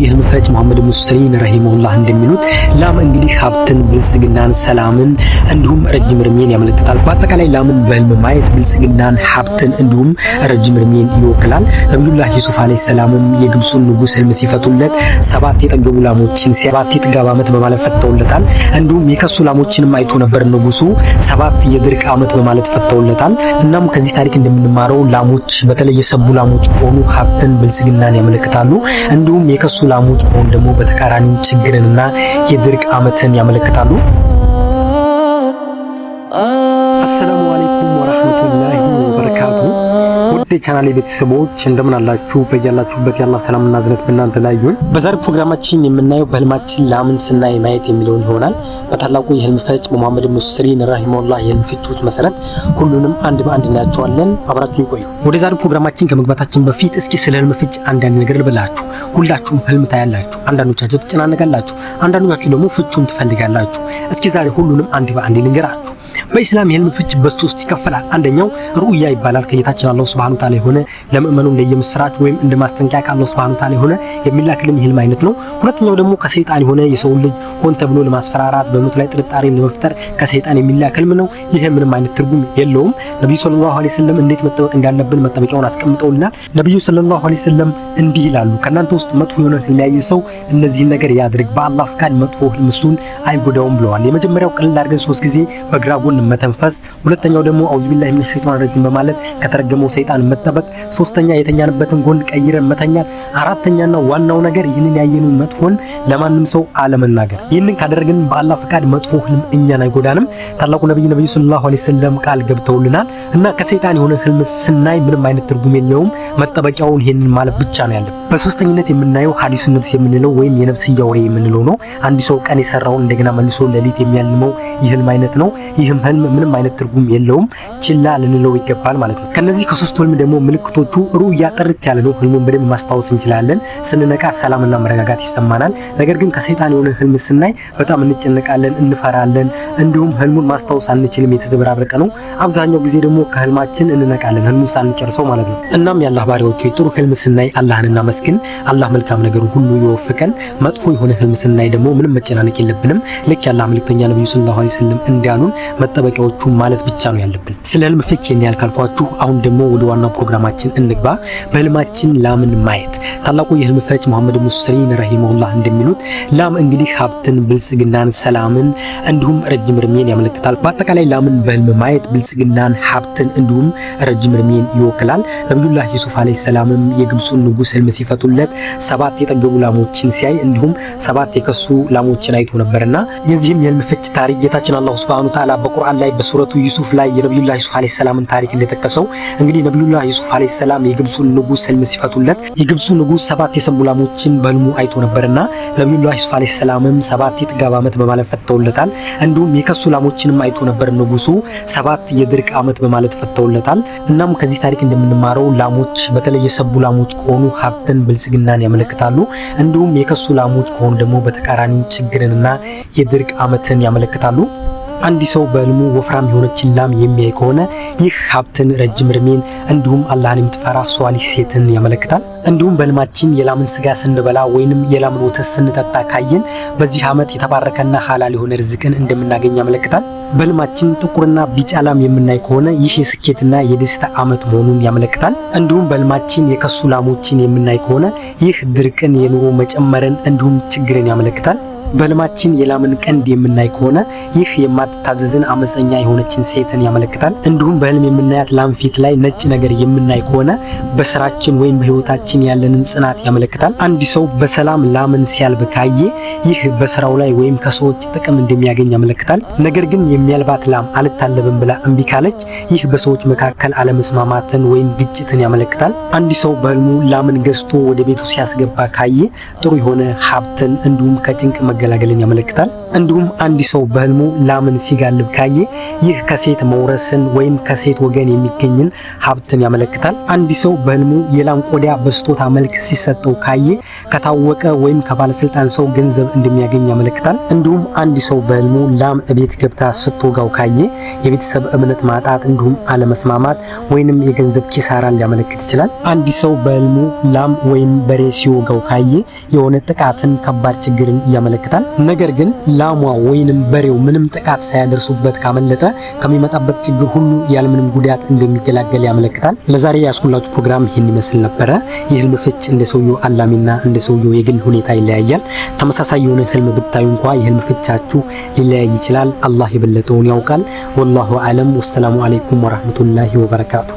ይህም ፈጭ መሐመድ ሙስሊም ረሂመሁላህ እንደሚሉት ላም እንግዲህ ሀብትን፣ ብልጽግናን፣ ሰላምን እንዲሁም ረጅም ርሜን ያመለክታል። በአጠቃላይ ላምን በህልም ማየት ብልጽግናን፣ ሀብትን እንዲሁም ረጅም እድሜን ይወክላል። ነቢዩላህ ዩሱፍ አለይሂ ሰላምም የግብፁን ንጉስ ህልም ሲፈቱለት ሰባት የጠገቡ ላሞችን ሰባት የጥጋብ ዓመት በማለት ፈተውለታል። እንዲሁም የከሱ ላሞችንም አይቶ ነበር ንጉሱ ሰባት የድርቅ ዓመት በማለት ፈተውለታል። እናም ከዚህ ታሪክ እንደምንማረው ላሞች በተለይ የሰቡ ላሞች ከሆኑ ሀብትን፣ ብልጽግናን ያመለክታሉ። እንዲሁም የከሱ የእሱ ላሞች መሆን ደግሞ በተቃራኒው ችግርንና የድርቅ ዓመትን ያመለክታሉ። አሰላሙ አለይኩም ወበረካቱ ውድ የቻናሌ ቤተሰቦች እንደምን አላችሁ? በያላችሁበት ያላ ሰላምና ዝነት በእናንተ ላይ ይሁን። በዛሬ ፕሮግራማችን የምናየው በህልማችን ላምን ስናይ ማየት የሚለውን ይሆናል። በታላቁ የህልም ፈጭ በሙሐመድ ሙስሪን ረሂመሁላህ የህልም ፍቾች መሰረት ሁሉንም አንድ በአንድ እናያቸዋለን። አብራችሁ ይቆዩ። ወደ ዛሬ ፕሮግራማችን ከመግባታችን በፊት እስኪ ስለ ህልም ፍጭ አንዳንድ ነገር ልበላችሁ። ሁላችሁም ህልም ታያላችሁ። አንዳንዶቻችሁ ትጨናነቃላችሁ፣ አንዳንዶቻችሁ ደግሞ ፍቹን ትፈልጋላችሁ። እስኪ ዛሬ ሁሉንም አንድ በአንድ ልንገራችሁ። በኢስላም የህልም ፍች በሶስት ይከፈላል። አንደኛው ሩእያ ይባላል ከጌታችን አላሁ ስብሃኑ ወተዓላ የሆነ ለምእመኑ እንደ የምስራች ወይም እንደ ማስጠንቀቂያ ቃል ነው ስብሃኑ ወተዓላ የሆነ የሚላክልን የህልም አይነት ነው። ሁለተኛው ደግሞ ከሰይጣን የሆነ የሰው ልጅ ሆን ተብሎ ለማስፈራራት በሞት ላይ ጥርጣሬ ለመፍጠር ከሰይጣን የሚላክ ህልም ነው። ይሄ ምንም አይነት ትርጉም የለውም። ነብዩ ሰለላሁ ዐለይሂ ወሰለም እንዴት መጠበቅ እንዳለብን መጠበቂያውን አስቀምጠውልናል። ነብዩ ሰለላሁ ዐለይሂ ወሰለም እንዲህ ይላሉ፣ ከእናንተ ውስጥ መጥፎ የሆነ ህልም ያየ ሰው እነዚህን ነገር ያድርግ፣ በአላህ ፍቃድ መጥፎ ህልም እሱን አይጎዳውም ብለዋል። የመጀመሪያው ቀለል አድርገን ሶስት ጊዜ በግራ ጎን መተንፈስ፣ ሁለተኛው ደግሞ አውዝ ቢላሂ ሚነሽ ሸይጧን ረጂም በማለት ከተረገመው ሰይጣን ከሰይጣን መጠበቅ፣ ሶስተኛ የተኛንበትን ጎን ቀይረን መተኛት፣ አራተኛና ዋናው ነገር ይህንን ያየኑ መጥፎን ለማንም ሰው አለመናገር። ይህንን ካደረግን በአላህ ፈቃድ መጥፎ ህልም እኛን አይጎዳንም። ታላቁ ነብይ ነብዩ ሰለላሁ ዐለይሂ ወሰለም ቃል ገብተውልናል እና ከሰይጣን የሆነ ህልም ስናይ ምንም አይነት ትርጉም የለውም። መጠበቂያውን ይህንን ማለት ብቻ ነው ያለው። በሶስተኝነት የምናየው ሀዲሱ ነፍስ የምንለው ወይም የነፍስያ ወሬ የምንለው ነው። አንድ ሰው ቀን የሰራውን እንደገና መልሶ ሌሊት የሚያልመው የህልም አይነት ነው። ይህም ህልም ምንም አይነት ትርጉም የለውም፣ ችላ ልንለው ይገባል ማለት ነው። ከነዚህ ከሶስቱ ህልም ደግሞ ምልክቶቹ ሩያ ጥርት ያለ ነው። ህልሙን በደንብ ማስታወስ እንችላለን። ስንነቃ ሰላምና መረጋጋት ይሰማናል። ነገር ግን ከሰይጣን የሆነ ህልም ስናይ በጣም እንጨነቃለን፣ እንፈራለን። እንዲሁም ህልሙን ማስታወስ አንችልም፣ የተዘበራረቀ ነው። አብዛኛው ጊዜ ደግሞ ከህልማችን እንነቃለን፣ ህልሙን ሳንጨርሰው ማለት ነው። እናም ያላህ ባሪያዎች ጥሩ ህልም ስናይ አላህን እናመስ ግን አላህ መልካም ነገር ሁሉ ይወፍቀን። መጥፎ የሆነ ህልም ስናይ ደግሞ ምንም መጨናነቅ የለብንም። ልክ ያላህ መልእክተኛ ነብዩ ሰለላሁ ዐለይሂ ወሰለም እንዳሉን መጠበቂያዎቹ ማለት ብቻ ነው ያለብን። ስለ ህልም ፍቺ የሚያል ካልኳችሁ፣ አሁን ደግሞ ወደ ዋናው ፕሮግራማችን እንግባ። በህልማችን ላምን ማየት። ታላቁ የህልም ፈች መሐመድ ኢብኑ ረሂመሁላህ እንደሚሉት ላም እንግዲህ ሀብትን፣ ብልጽግናን፣ ሰላምን እንዲሁም ረጅም እድሜን ያመለክታል። በአጠቃላይ ላምን በህልም ማየት ብልጽግናን፣ ሀብትን እንዲሁም ረጅም እድሜን ይወክላል። ነብዩላህ ዩሱፍ አለይሂ ሰላምም የግብፁን ንጉስ ህልም ሲፈቱለት ሰባት የጠገቡ ላሞችን ሲያይ እንዲሁም ሰባት የከሱ ላሞችን አይቶ ነበርና የዚህም የህልም ፍች ታሪክ ጌታችን አላሁ ሱብሃነሁ ወተዓላ በቁርአን ላይ በሱረቱ ዩሱፍ ላይ የነቢዩላህ ዩሱፍ አለይሂ ሰላምን ታሪክ እንደጠቀሰው እንግዲህ ነቢዩላህ ዩሱፍ አለይሂ ሰላም የግብፁን ንጉስ ህልም ሲፈቱለት የግብፁ ንጉስ ሰባት የሰሙ ላሞችን በህልሙ አይቶ ነበርና ነቢዩላህ ዩሱፍ አለይሂ ሰላምም ሰባት የጥጋብ ዓመት በማለት ፈተውለታል። እንዲሁም የከሱ ላሞችንም አይቶ ነበር ንጉሱ ሰባት የድርቅ ዓመት በማለት ፈተውለታል። እናም ከዚህ ታሪክ እንደምንማረው ላሞች በተለይ የሰቡ ላሞች ከሆኑ ሀብትን መጠን ብልጽግናን ያመለክታሉ። እንዲሁም የከሱ ላሞች ከሆኑ ደግሞ በተቃራኒ ችግርንና የድርቅ ዓመትን ያመለክታሉ። አንድ ሰው በህልሙ ወፍራም የሆነችን ላም የሚያይ ከሆነ ይህ ሀብትን፣ ረጅም እድሜን እንዲሁም አላህን የምትፈራ ሷሊህ ሴትን ያመለክታል። እንዲሁም በህልማችን የላምን ስጋ ስንበላ ወይንም የላምን ወተት ስንጠጣ ካየን በዚህ ዓመት የተባረከና ሀላል የሆነ ርዝቅን እንደምናገኝ ያመለክታል። በህልማችን ጥቁርና ቢጫ ላም የምናይ ከሆነ ይህ የስኬትና የደስታ ዓመት መሆኑን ያመለክታል። እንዲሁም በህልማችን የከሱ ላሞችን የምናይ ከሆነ ይህ ድርቅን፣ የኑሮ መጨመርን እንዲሁም ችግርን ያመለክታል። በህልማችን የላምን ቀንድ የምናይ ከሆነ ይህ የማትታዘዝን አመፀኛ የሆነችን ሴትን ያመለክታል። እንዲሁም በህልም የምናያት ላም ፊት ላይ ነጭ ነገር የምናይ ከሆነ በስራችን ወይም በህይወታችን ያለንን ጽናት ያመለክታል። አንድ ሰው በሰላም ላምን ሲያልብ ካየ ይህ በስራው ላይ ወይም ከሰዎች ጥቅም እንደሚያገኝ ያመለክታል። ነገር ግን የሚያልባት ላም አልታለብም ብላ እምቢ ካለች ይህ በሰዎች መካከል አለመስማማትን ወይም ግጭትን ያመለክታል። አንድ ሰው በህልሙ ላምን ገዝቶ ወደ ቤቱ ሲያስገባ ካየ ጥሩ የሆነ ሀብትን እንዲሁም ከጭንቅ መገላገልን ያመለክታል። እንዲሁም አንድ ሰው በህልሙ ላምን ሲጋልብ ካየ ይህ ከሴት መውረስን ወይም ከሴት ወገን የሚገኝን ሀብትን ያመለክታል። አንድ ሰው በህልሙ የላም ቆዳ በስጦታ መልክ ሲሰጠው ካየ ከታወቀ ወይም ከባለስልጣን ሰው ገንዘብ እንደሚያገኝ ያመለክታል። እንዲሁም አንድ ሰው በህልሙ ላም እቤት ገብታ ስትወጋው ካየ የቤተሰብ እምነት ማጣት፣ እንዲሁም አለመስማማት ወይንም የገንዘብ ኪሳራን ሊያመለክት ይችላል። አንድ ሰው በህልሙ ላም ወይም በሬ ሲወጋው ካየ የሆነ ጥቃትን፣ ከባድ ችግርን ያመለክታል። ነገር ግን ላሟ ወይንም በሬው ምንም ጥቃት ሳያደርሱበት ካመለጠ ከሚመጣበት ችግር ሁሉ ያለምንም ጉዳት እንደሚገላገል ያመለክታል። ለዛሬ ያስኩላችሁ ፕሮግራም ይህን ይመስል ነበረ። የህልም ፍች እንደ ሰውየው አላሚና እንደ ሰውየው የግል ሁኔታ ይለያያል። ተመሳሳይ የሆነ ህልም ብታዩ እንኳ የህልም ፍቻችሁ ሊለያይ ይችላል። አላህ የበለጠውን ያውቃል። ወላሁ አለም። ወሰላሙ አለይኩም ወራህመቱላሂ ወበረካቱ